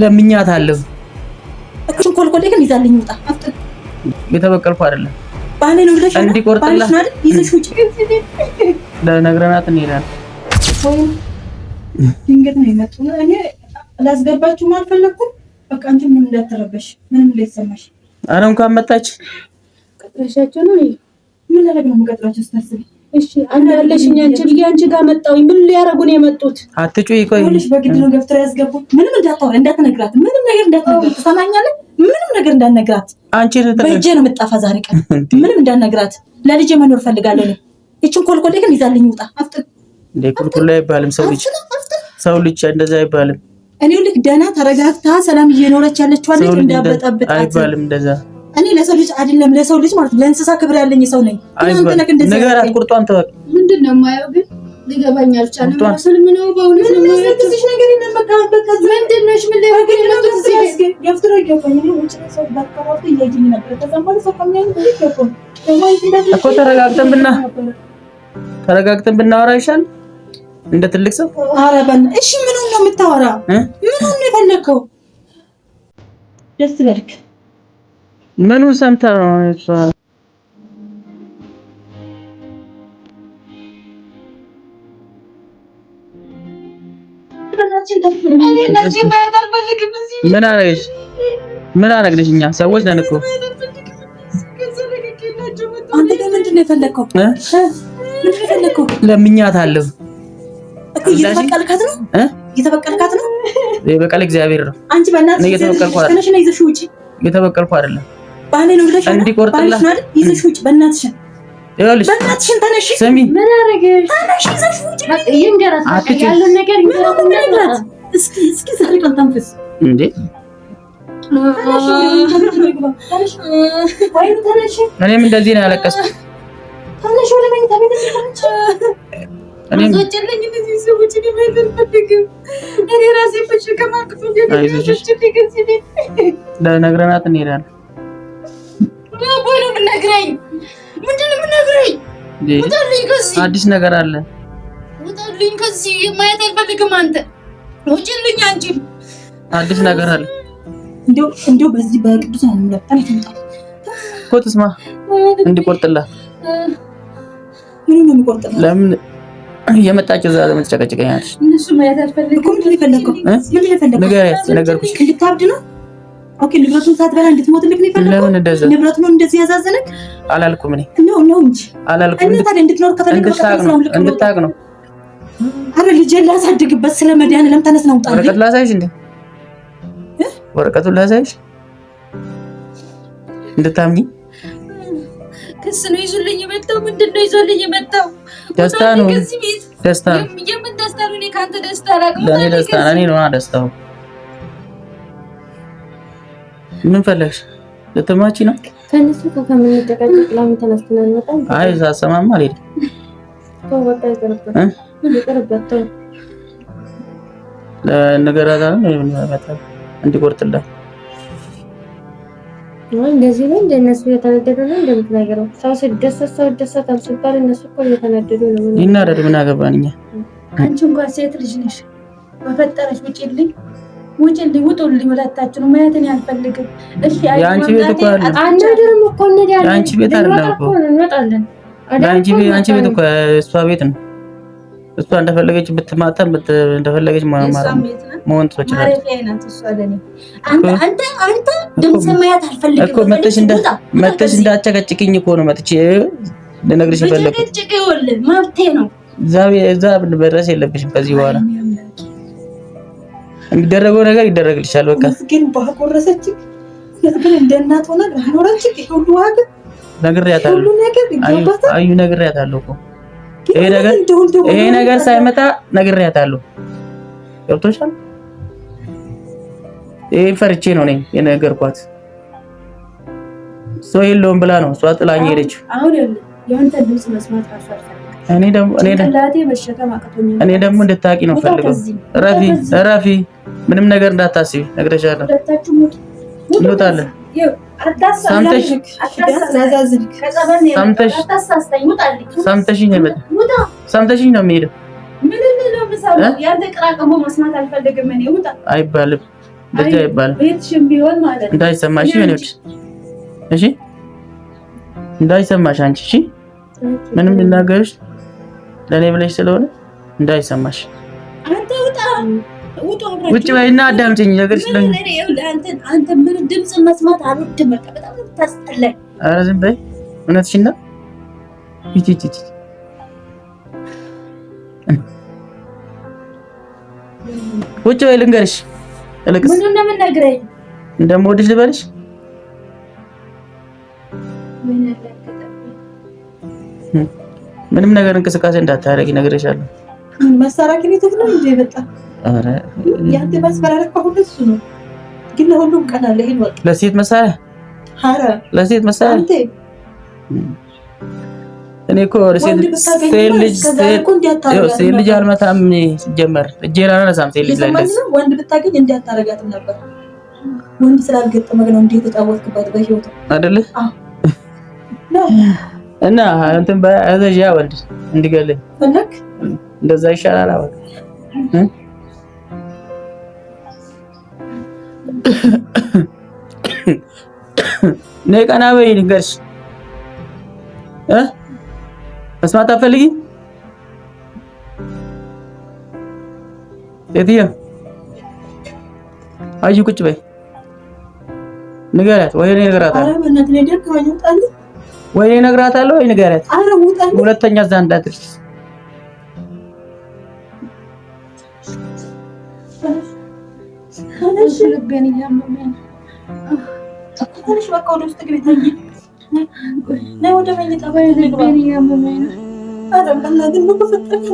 ለምኛታለሁ። እኮሽን ኮልኮሌ ግን ይዛልኝ ውጣ። የተበቀልኩ አይደለም ባህሌ ነው ብለሽ እንዲቆርጥላ ይዘሽ ውጭ ለነግረናት እንሄዳለን። ድንገት ነው የመጡ። እኔ ላስገባችሁም አልፈለኩም። በቃ አንቺ ምንም እንዳትረበሽ፣ ምንም እንዳይሰማሽ። ኧረ እንኳን መጣች። ቀጥረሻቸው ነው ምን ላደርግ ነው የምቀጥራቸው ስታስቢ እሺ አንድ ያለሽኝ አንቺ ብዬ አንቺ ጋር መጣሁኝ። ምን ሊያረጉን የመጡት? አትጩይ። ቆይ ልጅ በግድ ነው ገፍትራ ያስገቡት። ምንም እንዳታወራ እንዳትነግራት፣ ምንም ነገር እንዳትነግራት። ትሰማኛለህ? ምንም ነገር እንዳትነግራት። አንቺ በእጄ ነው የምጠፋ ዛሬ ቀን። ምንም እንዳትነግራት። ለልጄ መኖር ፈልጋለሁ እኔ። እቺን ኮልኮሌ ግን ይዛልኝ ውጣ። አፍጥን። ኮልኮሌ አይባልም ሰው ልጅ ሰው ልጅ እንደዛ አይባልም። እኔው ልክ ደህና ተረጋግታ ሰላም እየኖረች ያለችዋለች እንዳበጣበጣት አይባልም እንደዛ እኔ ለሰው ልጅ አይደለም ለሰው ልጅ ማለት ለእንስሳ ክብር ያለኝ ሰው ነኝ። አንተ ነክ ተወቅ ምንድነው ግን ነው በእውነት ነው ነገር ከዚህ ምን ላይ ግን እስኪ ይገባኝ ሰው ይያጅኝ ነበር። ከዛም በኋላ ሰው እኮ ተረጋግተን ብና ተረጋግተን ብናወራ ይሻል እንደ ትልቅ ሰው ኧረ እሺ፣ ምኑን ነው የምታወራ? ምኑን ነው የፈለከው? ደስ በልክ ምኑን ሰምተህ ነው? ምን አረግሽ? ምን አረግንሽ? እኛ ሰዎች ነን እኮ። ለምኛታለሁ እኮ እየተበቀልካት ነው። የበቀል እግዚአብሔር ነው። አንቺ በእናትሽ እየተበቀልኩ አይደለም ባህሌን ወግደሽ እንዲቆርጥላት ይዘሽ ውጭ በእናትሽ በእናትሽን ተነሽ። ስሚ ምን አደረገሽ? ያለውን ነገር እስኪ እኔም እንደዚህ ነው ያለቀስኩት። ነግረናት እንሄዳለን የምትነግረኝ? ምንድን ነው የምትነግረኝ? ውጣልኝ ከዚህ። አዲስ ነገር አለ። ውጣልኝ ከዚህ። ማየት አልፈልግም። አንተ ውጭልኝ። አንቺ አዲስ ነገር አለ። እንደው እንደው በዚህ በቅዱስ ነው የምለጣን ምን ነው እንድቆርጥላት ለምን የመጣችው እዛ ለምን ትጨቀጭቀኛለሽ? እነሱ ማየት አልፈልግም። ምንድን ነው የፈለከው? ምንድን ነው የፈለከው? ንገሪያት። ነገርኩሽ። እንድታብድ ነው ኦኬ ንብረቱን ሳትበላ እንድትሞትልክ ነው የፈለከው? ለምን ንብረቱ ነው እንደዚህ ያዛዘነክ? አላልኩም እኔ ነው ነው እንጂ አላልኩም። እኔ ታዲያ እንድትኖር ከፈለክ እንድታቅ ነው። አረ ልጄ ላሳድግበት ስለ መዳን ለም ተነስ ነው ጣልኩ። ወረቀቱን ላሳይሽ እንዴ? ወረቀቱን ላሳይሽ እንድታምኚ። ክስ ነው ይዞልኝ የመጣው። ምንድን ነው ይዞልኝ የመጣው? ደስታ ነው። ደስታ ነው። የምን ደስታ ነው? እኔ ካንተ ደስታ አላውቅም። ለእኔ ደስታ ነው። እኔ ነው ደስታው ምን ፈለግሽ? ልትማቺ ነው? ተነሱ። ከምንጨቃጨቅ ለምን ተነስተን አንመጣም? አይ እዛ አሰማማ አልሄድም። ነገራት እንዲቆርጥላት እንደዚህ ነው። እንደነሱ እየተናደዱ ነው እንደምትናገረው። ሰው ሲደሰት ሰው ይደሰታል ሲባል እነሱ እኮ እየተናደዱ ነው። ይናደድ ምን አገባን እኛ። አንቺ እንኳን ሴት ልጅ ነሽ፣ በፈጠረች ውጪልኝ ውጭ ውጡልኝ፣ ሁለታችሁን ማየትን አልፈልግም። እሺ አንቺ ቤት እኮ እሷ ቤት ነው። እሷ እንደፈለገች ብትማተም እንደፈለገች መሆን ትችላለች። መተሽ እንዳጨቀጭቅኝ እኮ ነው መጥቼ ልነግርሽ የፈለኩት። እዛ መድረስ የለብሽም ከዚህ በኋላ የሚደረገው ነገር ይደረግልሻል። በቃ ግን ባቆረሰች ግን እንደ እናት ሆና አኖረች። ሁሉ ዋግ ነግሬያታለሁ፣ አዩ ነግሬያታለሁ እኮ ይሄ ነገር ሳይመጣ ነግሬያታለሁ። ገብቶሻል? ይሄ ፈርቼ ነው እኔ የነገርኳት። ሰው የለውም ብላ ነው እሷ ጥላኝ ሄደች። እኔ ደግሞ እንድታቂ ነው ፈልገው። ረፊ ረፊ ምንም ነገር እንዳታስቢ ነግረሻለሁ። እንወጣለን። ሰምተሽኝ ነው የመጣው። ሰምተሽኝ ነው የሚሄደው። አይባልም፣ እንደዚህ አይባልም። እንዳይሰማሽ ሆነች። እሺ፣ እንዳይሰማሽ አንቺ። እሺ፣ ምንም ልናገርሽ ለእኔ ብለሽ ስለሆነ እንዳይሰማሽ ውጭ ወይና አዳምጪኝ። ነገር አንተ ምን ድምፅ መስማት አልወድም። በጣም ታስጠላኝ። ኧረ ዝም በይ። እውነትሽን ነው። ውጭ በይ ልንገርሽ። ልቅስ ምኑን ነው የምንነግረኝ? እንደምወድሽ ልበልሽ? ምንም ነገር እንቅስቃሴ እንዳታደርጊ ነግሬሻለሁ። መሳሪያ ቤት ነው እንደ የመጣ የአንተ ማስፈራሪያ እኮ አሁን እሱ ነው። ግን ለሁሉም ቀን አለ። ይሄን ለሴት መሳሪያ ኧረ ለሴት መሳሪያ እኔ እኮ ሴት ልጅ አልመታም። ሲጀመር እጄን አላነሳም። ሴት ልጅ ላይ ወንድ ብታገኝ እንዲህ አታረጋትም ነበር። ወንድ ስላልገጠመህ ነው እንዲህ የተጫወትክበት በህይወት አይደለ እና እንትን በያዘዣ ወንድ እንዲገልህ እንደዛ ይሻላል። ነይ ቀና በይ ልንገርሽ። መስማት አትፈልጊ ሴትዮ? አዩ ቁጭ በይ ንገሪያት፣ ወይ እነግራታለሁ ወይ እነግራታለሁ ወይ ንገሪያት። ሁለተኛ እዛ እንዳትደርስ ልቤን እያመመኝ ትንሽ በቃ ወደ ውስጥ ግቢ ተኝ። ነይ ወደ መኝታ። ልቤን እያመመኝ ነው። እባክህ እባክህ እንደው እንደው በፈጠረህ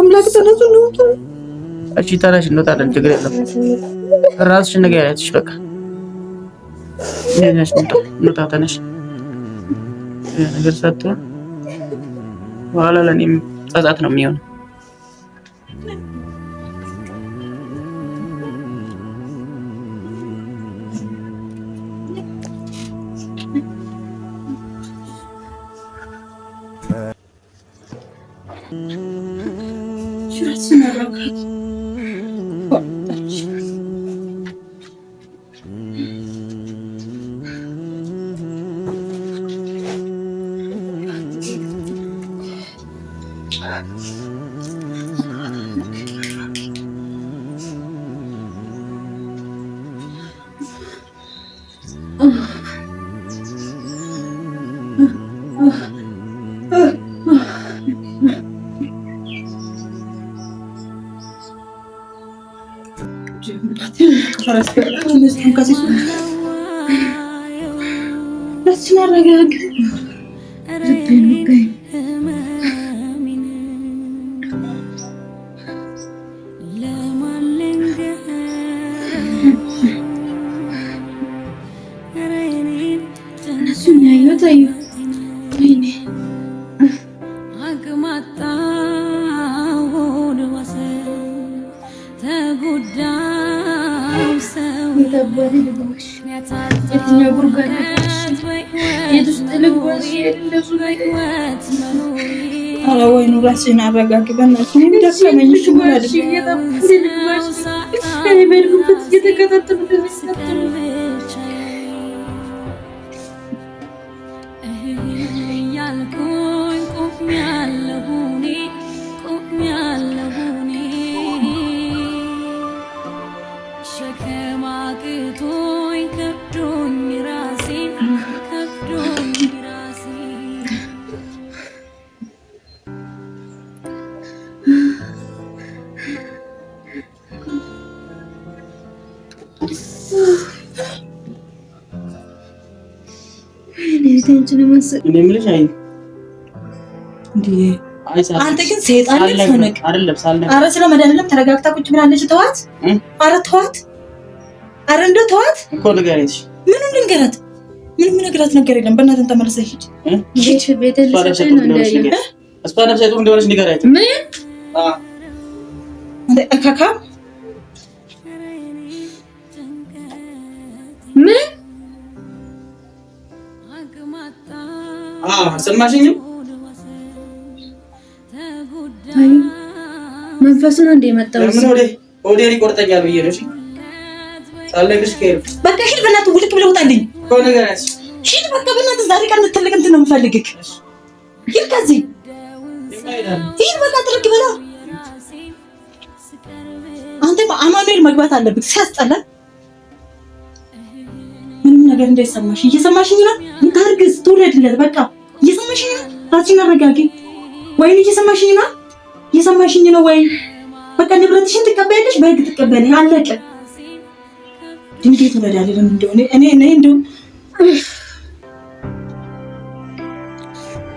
አምላክ ተነሱ እሺ ተነሽ፣ እንወጣለን። ችግር የለም። ነገር ያለችሽ በቃ ነሽ፣ እንውጣ። ተነሽ ነገር በኋላ ለእኔም ጸጸት ነው የሚሆነው። Gracias. esperar, no ኧረ ወይኑ እራስሽን አረጋጊ በእናትሽ። እኔም ደከመኝ። ሽሙላ አንተ ግን ሰይጣን ልትሆነቅ አረ ስለ መድኃኒዓለም ተረጋግታ ቁጭ ብላለች። ተዋት፣ አረ ተዋት፣ አረ እንደው ተዋት እኮ ንገሪት። ምንም ልንገራት ምንም ነገራት ነገር የለም። በእናትህ ተመለሰ ሂድ፣ ሂድ። ምን አልሰማሽኝም? መንፈስ ነው እንደ የመጣው ወደ ይቆርጠኛል ብዬ ነው። ሳለቅሽ ከሄድኩ በቃ ሂድ፣ በእናትህ ውልቅ ብለህ ውጣልኝ። ነገር ሂድ በቃ በእናትህ፣ ዛሬ ቀን ትልቅ እንትን ነው የምፈልግህ። ሂድ ከዚህ በቃ አንተ አማኑኤል መግባት አለብህ። ሲያስጠላ ምንም ነገር እንዳይሰማሽ እየሰማሽኝ ነው። ታርግዝ በቃ እየሰማሽኝ ነው? ራስሽን አረጋጊ። ወይን እየሰማሽኝ ነው? እየሰማሽኝ ነው ወይ? በቃ ንብረትሽን ትቀበያለሽ፣ በህግ ትቀበያለሽ። አለቀ። ድንገት ወለዳለም እንደሆነ እኔ እኔ እንደው